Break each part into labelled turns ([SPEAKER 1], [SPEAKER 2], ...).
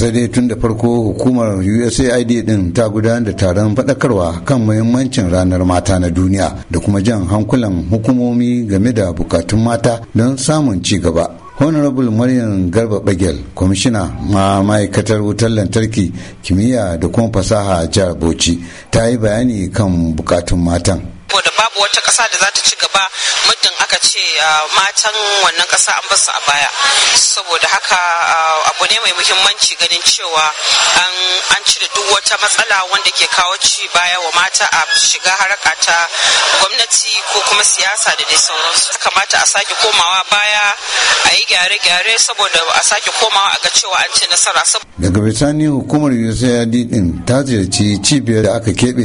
[SPEAKER 1] sai dai tun da farko hukumar usaid din ta gudanar da taron faɗakarwa kan muhimmancin ranar mata na duniya da kuma jan hankulan hukumomi game da bukatun mata don samun ci gaba honorable maryam garba bagel kwamishina ma ma'aikatar wutar lantarki kimiyya da kuma fasaha jihar bauchi ta yi bayani kan bukatun matan
[SPEAKER 2] babu wata kasa da za ta ci gaba muddin aka ce ah, matan wannan kasa an basu a baya saboda haka ah, abu ne mai muhimmanci ganin cewa an cire duk wata matsala wanda ke kawo ci baya wa mata a shiga haraka ta gwamnati ko kuma siyasa da dai sauransu kamata a sake komawa baya a yi gyare-gyare saboda a sake komawa a ga cewa an ci nasara
[SPEAKER 1] daga bisani hukumar usaid din ta ziyarci cibiyar da aka keɓe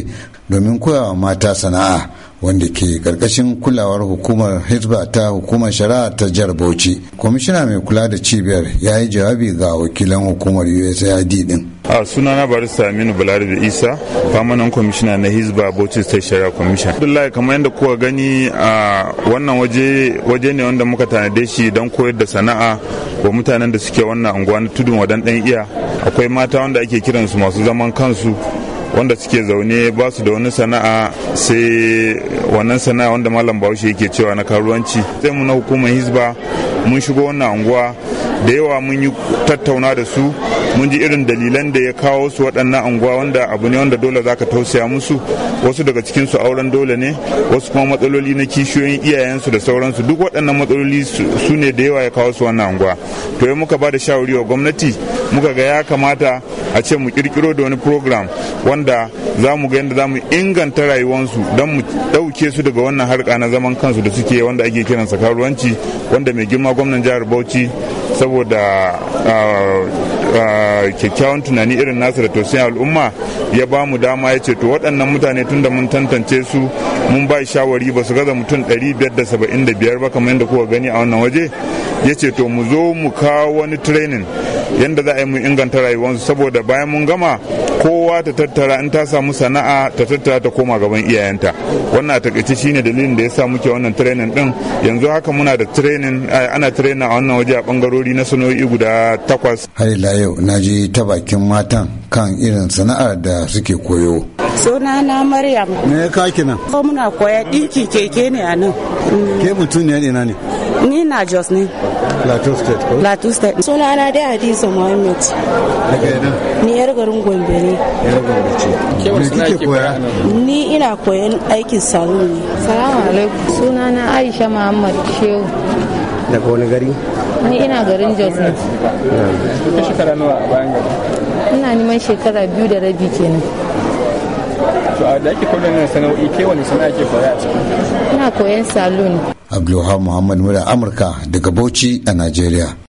[SPEAKER 1] domin koyawa mata sana'a wanda ke karkashin kulawar hukumar hizba ta hukumar shari'a ta jihar bauchi kwamishina mai kula da cibiyar ya yi jawabi ga wakilan hukumar
[SPEAKER 2] usaid din a sunana barista aminu da isa famanan kwamishina na hizba bauchi state shari'a commission abdullahi kamar yadda kuka gani a wannan waje ne wanda muka tanade shi don koyar da sana'a wa mutanen da suke wannan unguwa na tudun wadan iya akwai mata wanda ake kiransu masu zaman kansu wanda suke zaune ba su da wani sana'a sai wannan sana'a wanda malam bahaushe yake cewa na karuwanci sai mu na hukumar hizba mun shigo wannan anguwa da yawa mun yi tattauna da su mun ji irin dalilan da ya kawo su waɗannan anguwa wanda abu ne wanda dole zaka tausaya musu wasu daga cikin su auren dole ne wasu kuma matsaloli na kishiyoyin iyayensu da sauransu duk waɗannan matsaloli su ne da yawa ya kawo su wannan anguwa to yi muka ba da shawari wa gwamnati muka ga ya kamata a ce mu kirkiro da wani program wanda za mu ga yadda za mu inganta rayuwarsu don mu ɗauke su daga wannan harka na zaman kansu da suke wanda ake kiransa karuwanci wanda mai girma gwamnan jihar bauchi saboda ah, kyakkyawan tunani irin nasu da tausayin al'umma ya ba mu dama ya ce to waɗannan mutane tun da mun tantance su mun ba shawari ba su gaza mutum 575 ba kamar yadda kuka gani a wannan waje ya ce to mu zo mu kawo wani training yadda za a yi mu inganta rayuwarsu saboda bayan mun gama kowa ta tattara in ta samu sana'a ta tattara ta koma gaban iyayenta wannan a takaice shine dalilin da ya sa muke wannan training din yanzu haka muna da training ana training a wannan waje a bangarori na sana'o'i guda takwas yau na
[SPEAKER 1] ji ta bakin matan kan irin sana'ar da suke koyo. Suna na Maryam. Me ya kaki nan? Ko muna koya ɗinki keke ne a nan. Mm. Ke mutum ne ina ne? Ni na Jos ne. Plateau State ko? Plateau State. Suna na dai Hadiza Mohammed. Daga yana? Ni yar garin Gombe ne. Yar Gombe ce. Me ke koya?
[SPEAKER 2] Ni ina koyan aikin salon ne. Salamu alaikum. Suna na Aisha Muhammad Shehu. Daga wani gari? ni ina garin jos ne ta shekara nawa a bayan gari ina neman shekara biyu da rabi kenan to a da ake koyon sana'o'i ke wani sana'a ke koya a ciki ina koyan saloon
[SPEAKER 1] abdulhamu muhammad mura amurka daga bauchi a nigeria